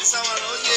Esa baloya.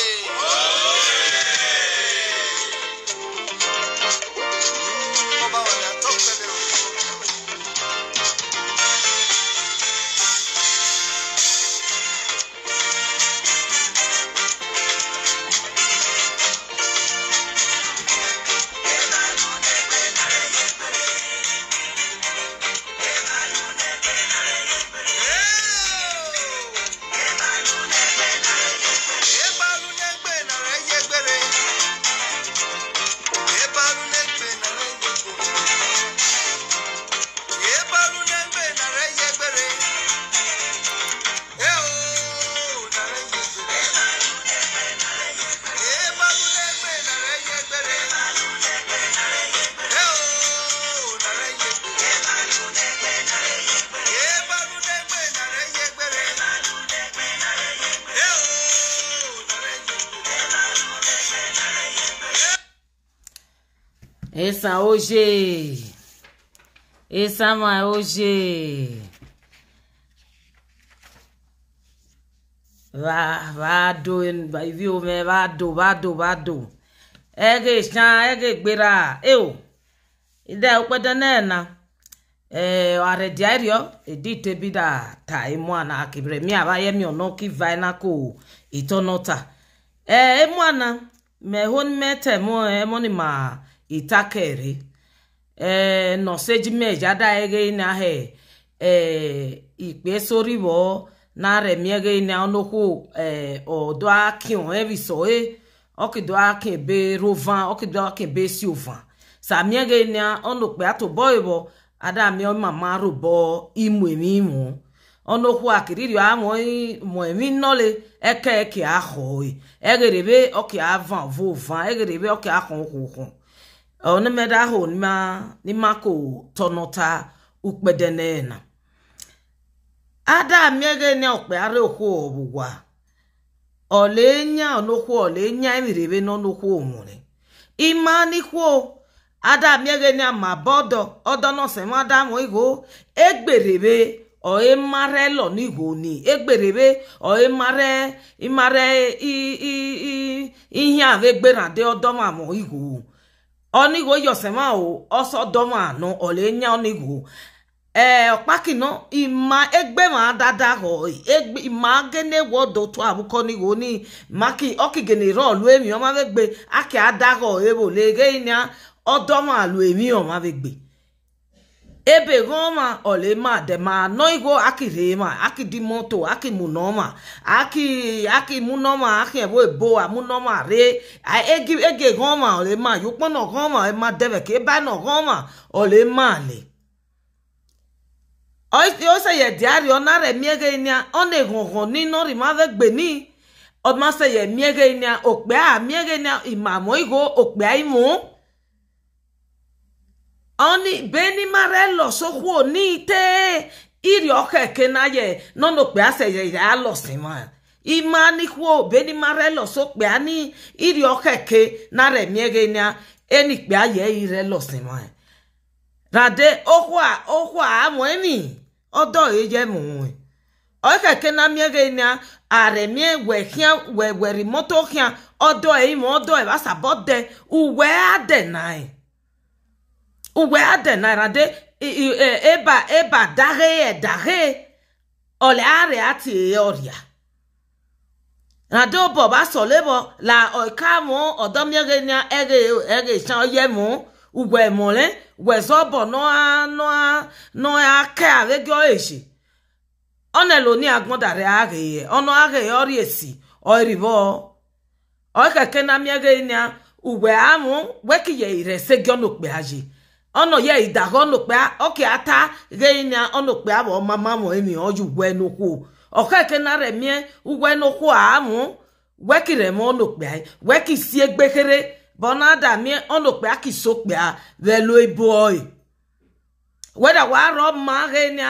Essa hoje. Essa mais hoje. Vá, vá do, vai viu, me vá do, vá do, vá do. Ege chan, ege gbera, eu. Ide ukpede nena. Eh, are diario, edite bida ta imwana kibre mi abaye mi ono ki vaina ko itonota. Eh, imwana, me hon mete mo emoni ma itakere ee nosejimeji adaghị na ha ee ikpe soribo na remieghi na ọnụkwu ee eh, odoaki erisoe okidoaki be rovan okidoaki be silvan samieghi na ọnụkpe atụboibo adamiomama rubo imumi imu ọnụokwu akiriri amụghị mụemi nnọle eke eke ahụ egherebe ọka avan vova egherebe ọka ahụ ụkwụ ụkwụ onemede ahụ n'imaka tọnụta ukpedenena adamiegene okpegharị okwu ọgbụgwa olenya onokwu olenya emirebe n'onokwu omuri imanikwo adamiegene ma bọdọ ọdọnọsemadamụigo egberebe oye mara lọ n'igwe ni egberebe oye mara ịmara ihe ahụ egbera dị ọdọmamụ igwe onigo yosema o oso doma no ole nya onigo eh opaki no ima egbe ma dada ho egbe ima gene wodo to abuko ni go ni maki okigene ro lu emi o ma begbe aki adago ebo lege nya odoma lu emi o ma begbe ebe goma olema dema noigo aki rema aki dimoto aki munoma aki aki munoma aki ebo eboa munoma re egi ege goma olema yukpo no goma ema ke ba no goma olema le ose ye diari ona re miege inia one gongon ni nori mave gbeni ọmọ sẹ yẹ miege inia òpè a miege inia ìmàmọ́ ìgò òpè àìmọ́ oni beni marelo sohu ni te iri oke kenaye nono pe aseye ya lo sima imani kuo beni marelo so pe ani iri oke ke na re miegenia eni pe aye ire lo sima rade okwa okwa amo eni odo eye mu oke ke na miegenia are mie we hia we we rimoto hia odo e mo odo e basa bode uwe ade nai uwe ade narade e, eba eba daghe daghe ole arịa tie ọrịa rado bọ ba sọ lebo la ọka mụ ọdọ mmiri na ege ere chan oye mụ ugwe mụle wezọ bọ n'ọha n'ọha n'ọha aka arịgị ọhịa ọnelo ni agbọdara arịa ọnụ arịa ọrịa esi ọrịbọ ọkeke na mmiri na ugwe amụ wekiye irese gị ọnụ okpe ajị ọ̀nà yẹ ìdàgọ́ ọ̀nà pé ọ̀kẹ́ ata gẹ́yìn ni ọ̀nà pé àbọ̀ ọmọ mámọ̀ ẹ̀mí ọ̀jù wẹ́ ẹnu kú ọ̀kẹ́ kẹ́nà rẹ̀ mìíràn wẹ́ ẹnu kú àámú wẹ́kì rẹ̀ mọ́ ọ̀nà pé wẹ́kì sí egbékéré bọ́nà dà mìíràn ọ̀nà pé àkì so pé rẹ̀ ló ibo ọ̀yì. wẹ́dà wà á rọ̀ máa gẹ́yìn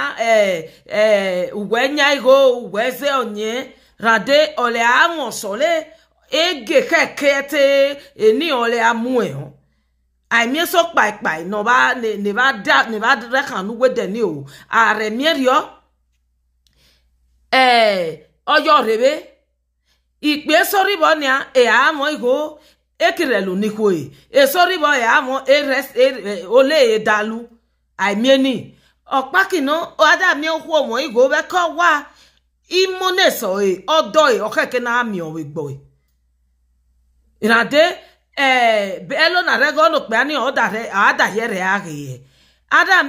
wẹ́ nya igo wẹ́ ṣe ọ̀nyẹ́ ràdé ọ̀lẹ́ aimie so kpaikpai na ba ne ba da ne ba da kan nu wede ni o are mie rio eh oyo rebe ipe sori bo ni a e a mo iho ekirelu ni ko e e sori bo e a mo e res e ole e dalu aimie ni ọpakino ada mi okwu omo igo be ko wa imone so e odo e okeke na mi o we gbo e irade ee eh, belo na regol okpeani adayere aghịghị adam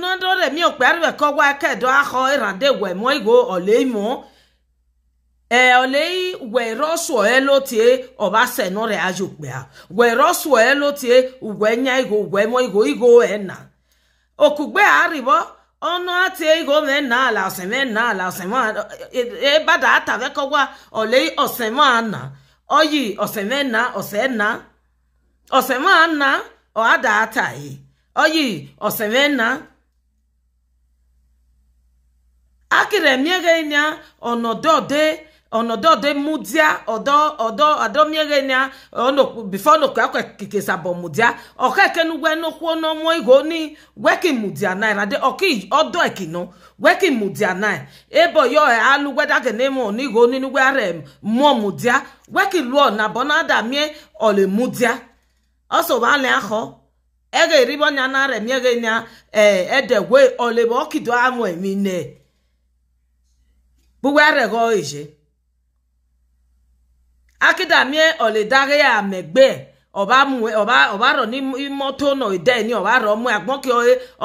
nodoremi okpearịbe kọgwa kedo ahọ irande e wemo igo oleimo ee eh, olei werosuo e elotie obasenore aja okpea werosuo e elotie ugwenya igo ugwemo igo igo ena okugbe aribo ọnụ atie igo mena ala osemena ala osema ebada atavekọgwa olei osemana oyi osemena na. ọ osemana oadatai oyi osemena akiremiegenya onodode onodode mudia odo odo adomiegenya ono ọdọ no kwa kwa kikesa bo mudia oka kenu gwe no kwo no mo igo ni weki mudia na rade oki odo ekino weki mudia na ebo ebe e alu gwe dage ne mo ni go ni ara gwe rem mo mudia weki luo na bonada mie ole mudia ọsọbale ahọ ege-eribe ọnya nara emiegenya ee eh, edegwe olebe ọkido amụ emine bugwarego ije akidamie oledage ya megbe ọbarọ n'ime ọtọ nọ ide ni ọbarọ mụ agbọkọ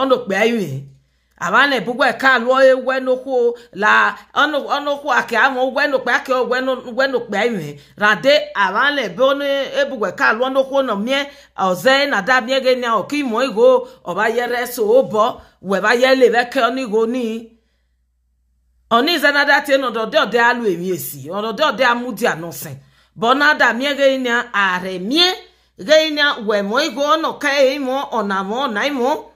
ọnụ kpee ihe avane bugwe ka lo ewe la ono ono ko ake amo we no pe ake we no we rade avane bo no ebugwe ka lo no ko no mie oze na da mie ge na oki mo igo oba yere so obo we ba ye le be ke oni go ni oni ze na da te no do de ode alu emi esi ono de ode amudi anosen bona da mie ge na are mie ge na we mo igo no ka e mo ona mo na mo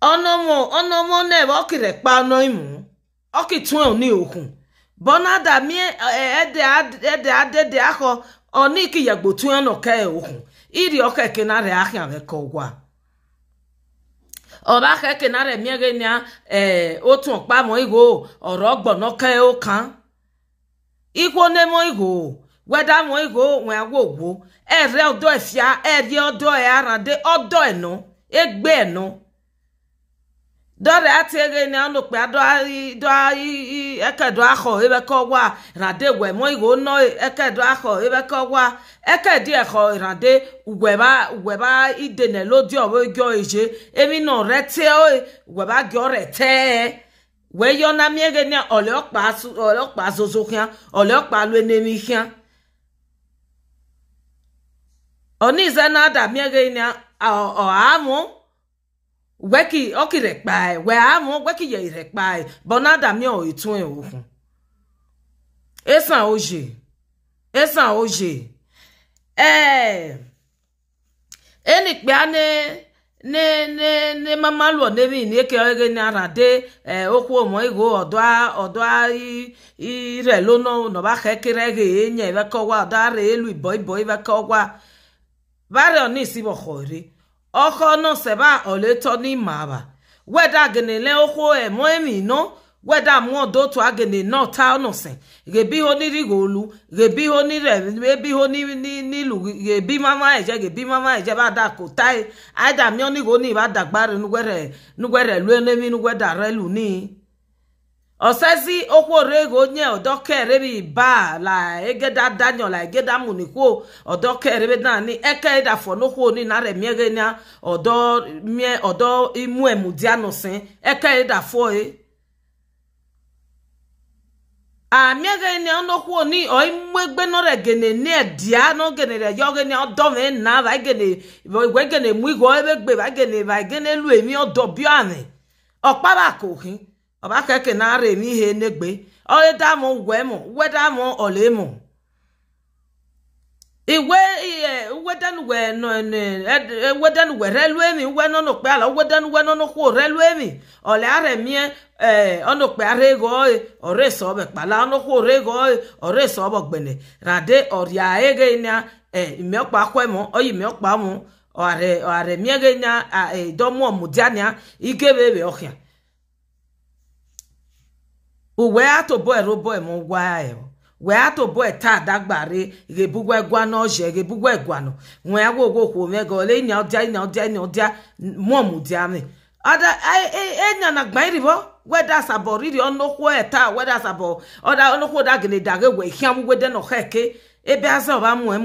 onomo onomo ne okire pa no imu okitun oni okun bonada mi ede adede aho oni ki yagbo tun iri oke kenare ahia ahịa ko gwa ọ̀rọ̀ akẹ́kẹ́ náà rẹ̀ mìíràn ni ó tún ọ̀rọ̀ ó kàn ikú wọn òwò ẹ̀rẹ́ ọ̀dọ́ dɔre atege ne ano kpe aɖɔ ayi dɔ ayi yi eke dɔ axɔ ebe kɔ wa rade wɛ mɔ yi wo nɔ eke dɔ axɔ ebe kɔ wa eke di exɔ rade wɛ ba wɛ ba ide ne lo di ɔbe gyɔ eze emi nɔ rɛ te o wɛ ba gyɔ rɛ tɛɛ wɛ yɔ na mie ge ne ɔlɛ ɔkpa su ɔlɛ ɔkpa zozo hia ɔlɛ ɔkpa lo enemi hia ɔni zɛ na da mie ge ne ɔ ɔ amu weki okirekpai we amu weki ye irekpai bonada mi o itun e okun esan oje esan oje eh eni pe ane ne ne ne mama lụọ n'ebe ị na-eke ege n'ara de okwu ụmụ ego ọdụa ọdụa ire lono nọba ka ekere ege enye ebe kọwa ọdụa ara elu ibọ ibọ ebe kọwa barịọ n'isi bọkọri ọkọ no seba ole toni maba weda gene le oho e moemi no weda mo do to agene no ta no se gebi ho ni rigolu gebi ho ni re gebi ho ni ni ni lu gebi mama eje gebi mama eje ba da ko tai aida mi oni go ni ba dagbare nugbere nugbere lu enemi nugbeda re lu ni osezi okworego onye odokerebe ba la egeda daniel egeda munikwo odokerebe nani ekedafonokwo na remiegena odomie na imuemudianusi ekedafoe amiegeni onokwo ni oimwegbenorgenenedia nogenere yogeni odomena vaigene e wegene muigo ebegbe vaigene e vaigene e luemi odobioani okpavakohi ọba keke na ara eme ihe n'egbe ọdamụ gwemụ wedamụ ọlemụ igwe ihe uwedenugwe ewedenugwe relu emi uwe nọ n'okpe ala uwedenugwe nọ n'ụkwụ relu emi ọlị ara emie ee ọnụkpe ara ego oyi e, ọresa ọbụ kpala ọnụkwụ ore ego oyi e, ọresa ọbụ gbene rade ọrịa ege na e, imiọkpa kwemụ oyi imiọkpa mụ ọrịa emiege na edomuomudiania ikebebe ọhịa uwe atoboel boem gwael wee atoboel taa dagbari ghebugwe gwana ọzọ ghebugwe gwanụ nwee gwogwokwome ga ole nya ọdịa nya ọdịa nya ọdịa mụọmụ enya na gbairibo weda riri ọnụkwụ eta weda ọda ọnụkwụ da gịnị da gị wee hịa na ọha eke ebe aza ọba mụọ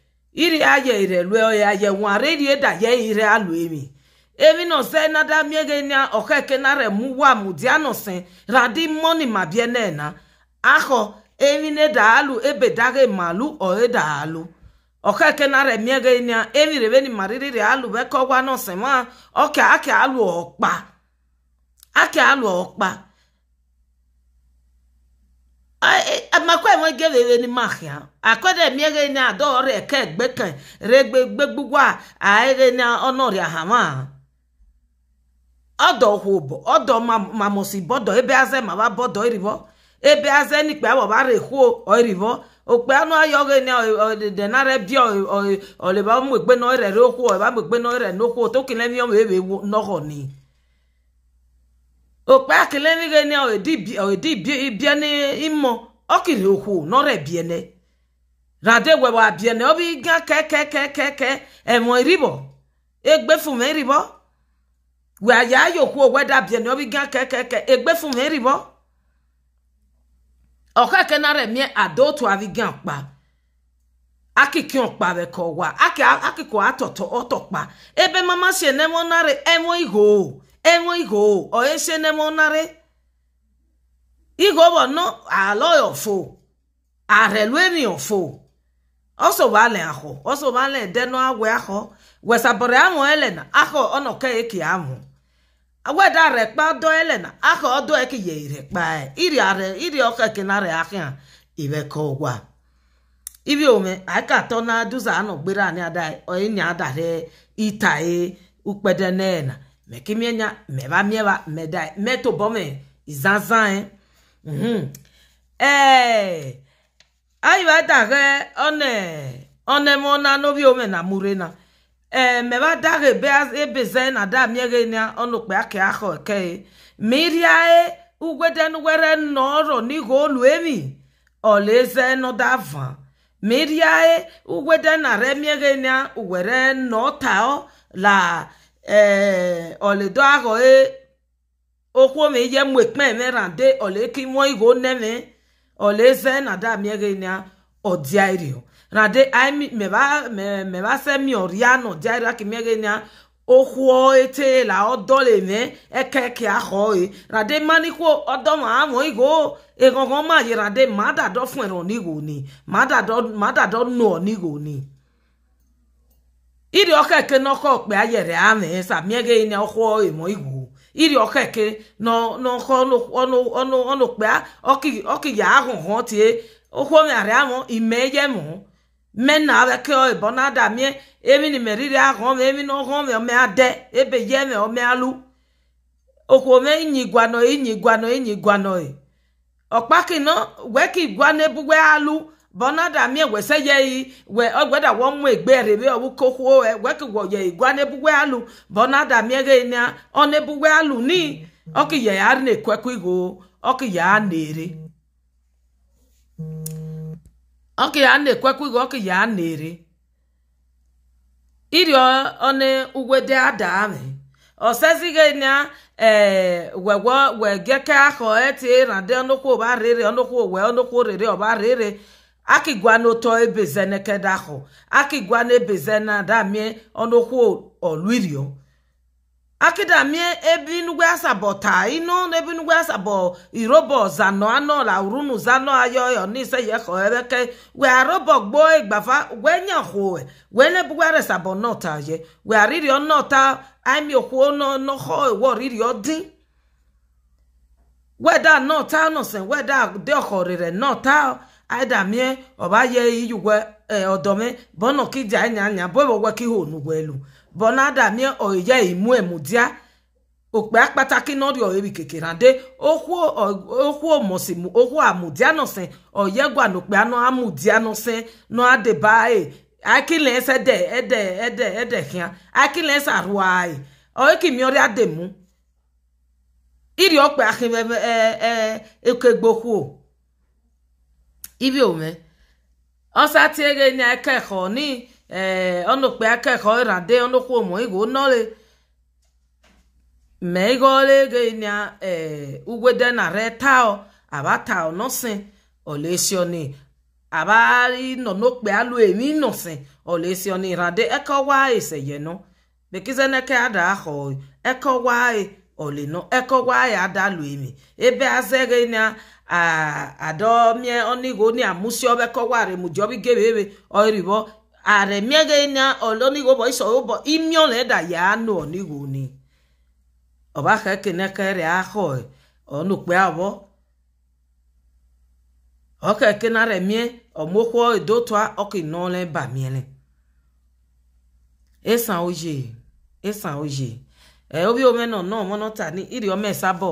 iri aye ire lue oya ye ware rie da ye ire alu emi emi no se na da miege nya okeke na re mu wa mu dia no se radi money ma bie na na aho emi ne da alu ebe da ge malu o e da alu okeke na re miege nya emi re beni mariri re alu be ko wa no se ma oke ake alu okpa ake alu okpa makwa enwe ge wewe ni mahia akwede miere ni adore eke gbeke regbe gbegbugwa aere ni onori ahama odo hubo odo mamosi bodo ebe aze mawa bodo iribo ebe aze ni pe awo ba re hu iribo òpè àánú ayọ̀rẹ́ ni ọ̀dẹ̀nàrẹ́ bí ọ̀lẹ́bà mú ìpè náà rẹ̀ lóko ọ̀lẹ́bà mú ìpè náà rẹ̀ lóko tó kìlẹ̀ ní ọmọ èwe nọ́rọ̀ ni. òpè àkìlẹ̀ ní rẹ̀ ni ọ̀ẹ́dì bí ẹni ìmọ̀ ọkìlì okwu nọrọ ebiene rade wewa abiene obi ga kekekekeke ẹwọn eribọ egbefun eribọ wàyà ayòkú oweda abiene obi ga kekeke egbefun eribọ ọkẹkẹ nara ẹmí adóòtú avigan pa akìkí ọ̀pá rẹ̀ kọ̀ wá akìkọ̀ àtọ̀tọ̀ ọ̀tọ̀pá ebe mama ṣe ẹnẹmọ nara ẹwọn ihò ẹwọn ihò ọ̀yẹ́ ṣe ẹnẹmọ nara. igobono aloy ofo arelueni ofo oso bale aho oso bale deno agwe aho wesabore amu elena aho onoke eki amu aweda rekpa do elena aho odo eki ye e. iri are iri gwa ibi ome aka to na duza ano gbere ani ada e, oyinya adare e, ukpede izazan eh Mhm. ee ayuadaghe one onemona nobi ome na murena ee eh, meba daghe be ebeze na da mieghe e. e, e na onukpe ake aho eke miriae ugwedenugwere nọrọ n'ihu olu emi olaeze nọdava miriae ugwedenare mieghe na uwere taọ, la ee eh, oledo ahụ e okwo me ye mu ekpe me rande ole ki mo igo neme ole ze na da mi ege na odiairio rande ai me ba me me ba se mi oriano diaira ki mi ege na okwo ete la odole me eke ki a ho e rande mani ko odo ma mo e ma ye rande ma da do fun ni go ni ma da do ma no ni go ni iri ọkọ eke n'ọkọ ọkpẹ ayẹrẹ amẹ sàmì ẹgẹ ni ọkọ ìmọ e ìgò iri ọkeke n'ọnụkpe ọkịya ahụ hụ tie ụkwụnarị amụ imeye mụ mena abeke ịbọ na adamie emini meriri ahụ ma emini ọhụ ma ome ade ebe ye ma ome alụ okwome inyi gwano inyi gwano inyi gwano ọkpakino e. gweki gwana ebugwe alụ bọnada mi wese yeyi we ogweda wo mu egbe rebe owu kokwo e weke wo ye igwa ne buwe alu bọnada mi na alu ni ya ya nere ya ne kweku igo ya ya nere iri ada ge na ee wegwo wegeke ụgwọ eti rande ọnụkwụ ọba rere rere akigwa n'oto ebezenekedahụ akigwa na-ebezenadamie ọnụkwụ oluirio akidamie ebinugwe asabọta inu e n'ebinugwe asabọ irobo zano ano laurunu zano ayoyo e nise yeho ereke we arobo gbo egbafa we nyahoe we nebugwe resabo nọta ye we aririo nọta ami okwuo no no noho ewo ririo din weda nọta nosen weda de ọhọrịrị nọta aidamie ọbaye iyugwe ọdọmi e, bọnọ kija anyanya bọbọgwe kihe onugwelu bọna adamie ọyẹ imu emudia òpè apátákí náà rí ọ̀rẹ́bì kékeré adé okwu òmòsìmù okwu àmùdíánọ̀sẹ̀ ọ̀yẹ́gbànùpẹ̀ àná àmùdíánọ̀sẹ̀ náà àdèbà ẹ̀ akílẹ̀ ẹsẹ̀ dẹ̀ ẹ̀dẹ̀ ẹ̀dẹ̀ ẹ̀dẹ̀ kíá akílẹ̀ ẹsẹ̀ àrùwà ẹ̀ ọ̀ẹ́kìmí ọ̀rẹ́ àdèmú ìrì ọ̀pẹ̀ akínmẹ́ ẹ̀ ẹ̀ ẹ̀kọ́ egbòkú o ibi ome ọsatiere ni akẹkọọ ní ọnùpẹ akẹkọọ ìràdé ọnùkú ọmọ ìgò nọlẹ mẹgọlẹgẹ ni ugwede na rẹ ta ọ àbá ta ọ nọsìn ọlẹsìọ ni àbá nọnọpẹ alu èmi nọsìn ọlẹsìọ ni ìràdé ẹkọ wá ẹsẹ yẹn nọ bèkísẹ nẹkẹ àdá àkọ ẹkọ wá ẹ ọlẹ nọ ẹkọ wá ẹ àdá lu èmi ebe azẹgẹ ni a. Eh, ado mie onigo ni amusi obe koware mujobi gebebe oiribo are miege na olonigo bo iso obo imio le da ya no onigo ni oba ka kene kere aho e, onu pe abo oka kena re mie omokwo edotwa oki no le ba miele esan oje esan oje e obi o meno no mo no ta ni iri o mesa bo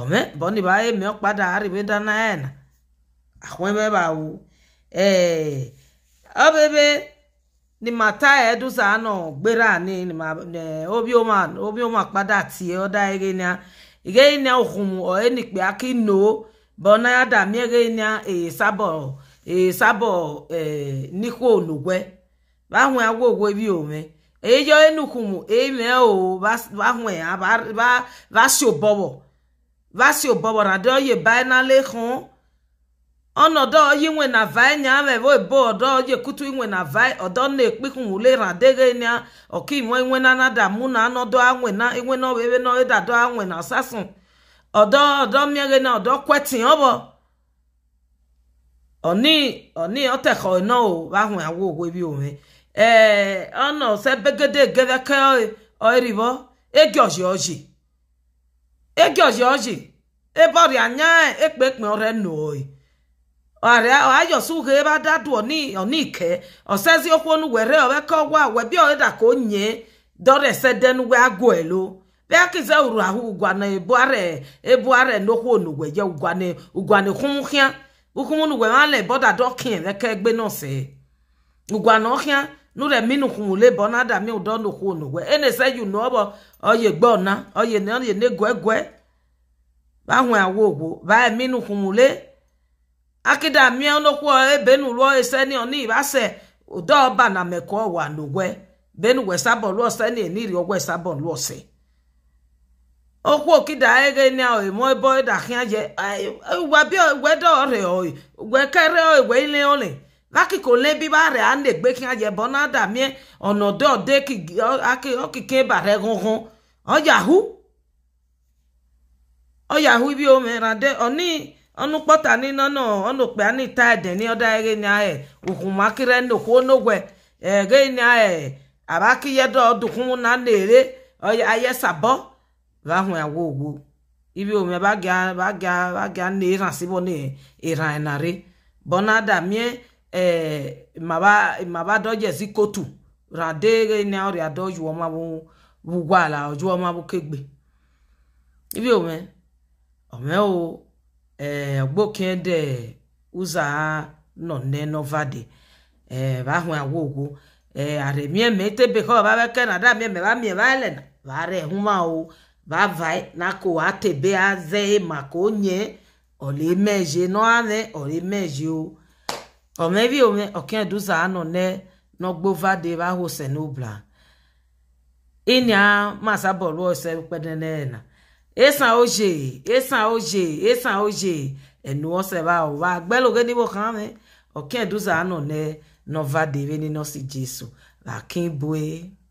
ɔmɛ bɔnni ba, yɛ e mɛ ɔkpada ari bi da na yɛn ahoɛ bɛ ba wo ɛɛ ɔbɛbɛ ni ma ta yɛ do saa nɔ gbera ni ni ma ɛɛ eh, obi o ma obi o ma kpada tie ɔda yɛ ge nia ege ɔyɛ e ni aki no bɔnna ya da mi ege yi nia ee sabɔ ee sabɔ ɛɛ eh, niko onugbɛ báwọn awo owó ibi òmẹ èyí e jọ ẹnu kùmù èyí mẹ o bá hùn ẹ bá bá vasi obowara do ye baina lekhon onodo ye nwe na vai nya me vo bo do ye kutu nwe na vai odo na ekpikun ule adịghị nya oki nwe nwe na na da mu na anodo anwe na enwe no bebe no eda do anwe na sasun odo odo miege na odo kwetin obo oni oni otekho no o ba hun awo owo bi ohun eh ona se begede geve ke o eribo ege ọjị ọjị. egyoyoji e ebe ọrịa nya ekpekpe ọrịa noi ọrịa ayọsụ uhe ebe adadụ ọnike ọsezi okwu onu were oweka ọgwa webi ọda ka onye dọrese denugwe agụ elu bịa kize uru ahụ ugwana ebuare ebuare n'okwu onugwe ye ugwane ugwane hụhịa ukwumunugwe mala eboda dọkin emeka egbe nọsi ugwana ọhịa nure minukwu mule bọnada mi ụdọ n'okwu onugwe enese yu n'ọbọ oye gbọ na oye ne oye ne gwegwe ba hun awo ogbo ba emi nu kumule akida mi onokwu ebenu ruo ese ni oni ibase odo ọba na meko wa nugwe benu wesabọ ruo ose ni eniri ogwe sabọ ruo ose okwu okida ege ni o emo ebo edakia je wa bi wedo ore o we kere o we ile ole lákìkò lé bí bá rẹ̀ á lè gbé kí ajẹ̀bọ́n náà dà mí ọ̀nà ọ̀dọ́ ọ̀dẹ́ òkìkí bàrẹ̀ gangan ọyahụ ọyahụ ibi omerade ọni ọnụ kpọta nina nọ ọnụkpe anịta ede ni ọda ege ni aye ukwumakire nnukwu onogwe ege ni aye abakiyedo ọdụkwụ na na-ere ayesabọ bahụ agwa ogwu ibi ome bagya bagya bagya na ịra sibọ na ịra narị bọnada mie ee maba maba dọjezi kotu rade ege ni ọrịa dọjuọ mabụ bugwala ọjụọ ma bụkọ egbe ibi ome omeo ee ogbokede ụzọ ha nọ nne novadi ee ahụ agwa ogwo ee aremie ma etebe ha ọbabeke na ada mie meba mie baile na bare huma o bavae na ko atebe aze ma ka onye olemeje n'ane olemeje o omebi ome okeduza anọ ne n'ogbovade bahose n'ụbla inya masabolu ose kpedenena esa oje esa oje esa oje enu ose ba wa gbelo ge nibo kan me okin eduza no ne no va deve ni la kin boe